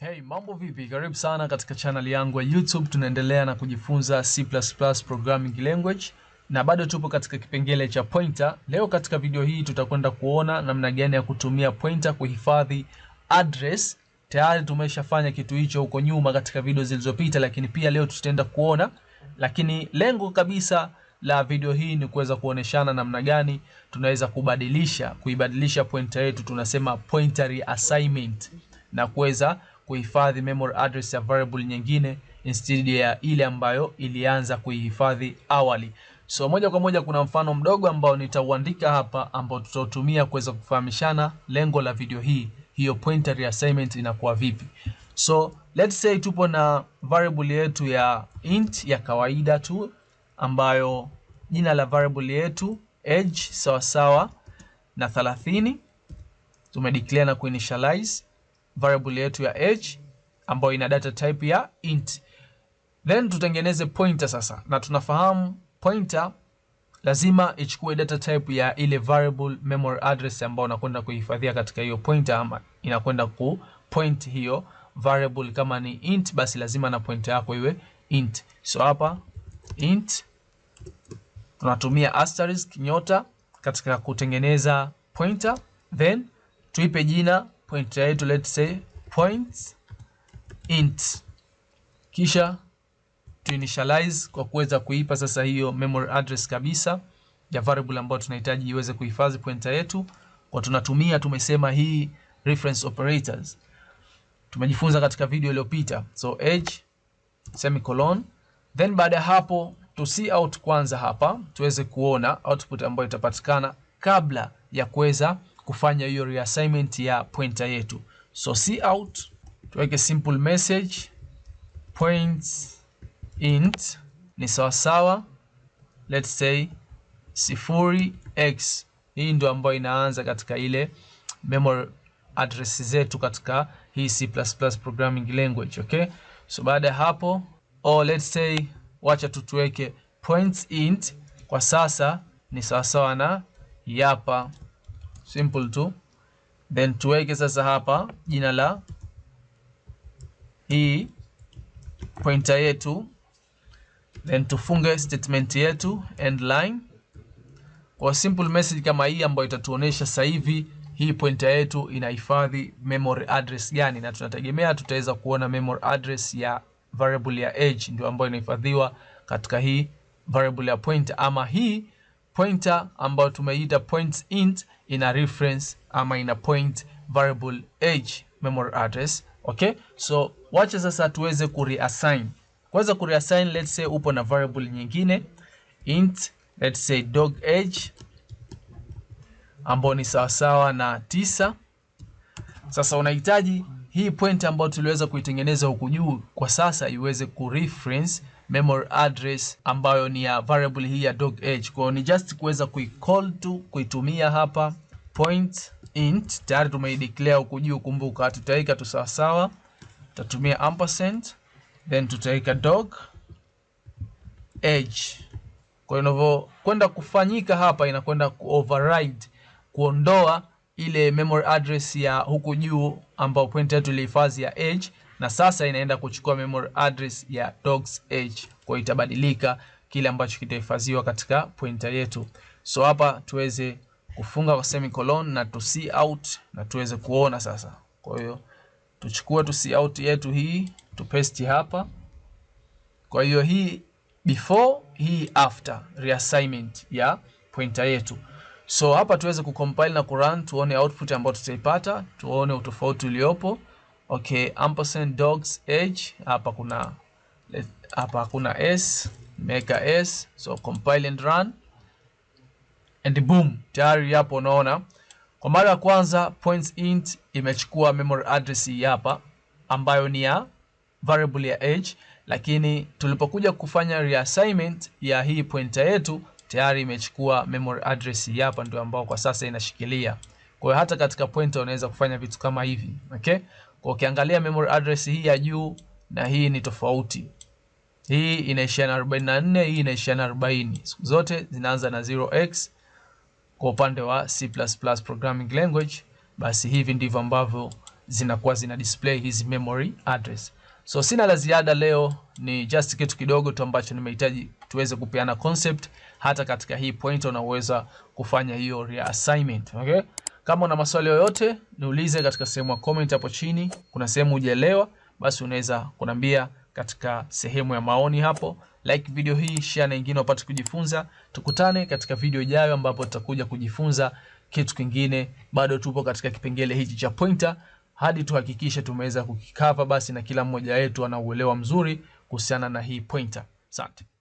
Hey, mambo vipi? Karibu sana katika channel yangu ya YouTube. Tunaendelea na kujifunza C++ programming language na bado tupo katika kipengele cha pointer. Leo katika video hii tutakwenda kuona namna gani ya kutumia pointer kuhifadhi address. Tayari tumeshafanya kitu hicho huko nyuma katika video zilizopita, lakini pia leo tutaenda kuona, lakini lengo kabisa la video hii ni kuweza kuoneshana namna gani tunaweza kubadilisha kuibadilisha pointer yetu, tunasema pointer reassignment na kuweza kuhifadhi memory address ya variable nyingine instead ya ile ambayo ilianza kuihifadhi awali. So moja kwa moja kuna mfano mdogo ambao nitauandika hapa ambao tutautumia kuweza kufahamishana lengo la video hii, hiyo pointer reassignment inakuwa vipi. So let's say tupo na variable yetu ya int ya kawaida tu ambayo jina la variable yetu age sawa sawa na 30 tumedeclare na kuinitialize variable yetu ya age ambayo ina data type ya int. Then tutengeneze pointer sasa, na tunafahamu pointer lazima ichukue data type ya ile variable memory address ambayo unakwenda kuhifadhia katika hiyo pointer, ama inakwenda ku point hiyo variable. Kama ni int, basi lazima na pointer yako iwe int. So hapa int tunatumia asterisk nyota katika kutengeneza pointer, then tuipe jina pointer yetu let's say points int, kisha to initialize kwa kuweza kuipa sasa hiyo memory address kabisa ya variable ambayo tunahitaji iweze kuhifadhi pointer yetu, kwa tunatumia tumesema hii reference operators tumejifunza katika video iliyopita, so edge semicolon, then baada ya hapo to see out kwanza hapa tuweze kuona output ambayo itapatikana kabla ya kuweza kufanya hiyo reassignment ya pointer yetu. So c out tuweke simple message points int ni sawasawa let's say sifuri x. Hii ndio ambayo inaanza katika ile memory address zetu katika hii C++ programming language, okay? So baada ya hapo or let's say wacha tutuweke points int kwa sasa ni sawasawa na yapa simple tu, then tuweke sasa hapa jina la hii pointer yetu, then tufunge statement yetu end line kwa simple message kama hii ambayo itatuonesha sasa hivi hii pointer yetu inahifadhi memory address gani, na tunategemea tutaweza kuona memory address ya variable ya age ndio ambayo inahifadhiwa katika hii variable ya pointer ama hii pointer ambayo tumeiita points int ina reference ama ina point variable age memory address. Okay, so wacha sasa tuweze ku reassign Kwanza ku reassign, let's say upo na variable nyingine int, let's say dog age ambayo ni sawasawa na tisa. Sasa unahitaji hii point ambayo tuliweza kuitengeneza huku juu kwa sasa iweze ku reference memory address ambayo ni ya variable hii ya dog age. Kwa ni just kuweza kuicall tu kuitumia hapa point int, tayari tumeideclare huku juu. Kumbuka tutaweka tu sawa sawa, tutatumia ampersand then tutaweka dog age. Kwa inavyokwenda kufanyika hapa, inakwenda kuoverride kuondoa ile memory address ya huku juu ambayo pointer yetu ilihifadhi ya age na sasa inaenda kuchukua memory address ya dogs h, kwa itabadilika kile ambacho kitahifadhiwa katika pointer yetu. So hapa tuweze kufunga kwa semicolon na to see out na tuweze kuona sasa. Kwa hiyo tuchukue to see out yetu hii paste hapa. Kwa hiyo hii before hii after reassignment ya pointer yetu. So hapa tuweze kucompile na kurun tuone output ambayo tutaipata, tuone utofauti uliopo okay ampersand dogs age hapa kuna hapa kuna s meka s so compile and run and boom tayari hapo unaona kwa mara ya kwanza points int imechukua memory address hii hapa ambayo ni ya variable ya age lakini tulipokuja kufanya reassignment ya hii pointer yetu tayari imechukua memory address hii hapa ndio ambao kwa sasa inashikilia kwa hiyo hata katika pointer unaweza kufanya vitu kama hivi okay kwa ukiangalia memory address hii ya juu na hii ni tofauti. Hii inaishia na 44, hii inaishia na 40. Siku zote zinaanza na 0x kwa upande wa C++ programming language, basi hivi ndivyo ambavyo zinakuwa zina display hizi memory address. So sina la ziada leo, ni just kitu kidogo tu ambacho nimehitaji tuweze kupeana concept hata katika hii point unaweza kufanya hiyo reassignment okay? Kama una maswali yoyote niulize katika sehemu ya comment hapo chini. Kuna sehemu hujaelewa, basi unaweza kuniambia katika sehemu ya maoni hapo. Like video hii, share na wengine wapate kujifunza. Tukutane katika video ijayo, ambapo tutakuja kujifunza kitu kingine. Bado tupo katika kipengele hichi cha pointer hadi tuhakikishe tumeweza kukikava, basi na kila mmoja wetu ana uelewa mzuri kuhusiana na hii pointer. Asante.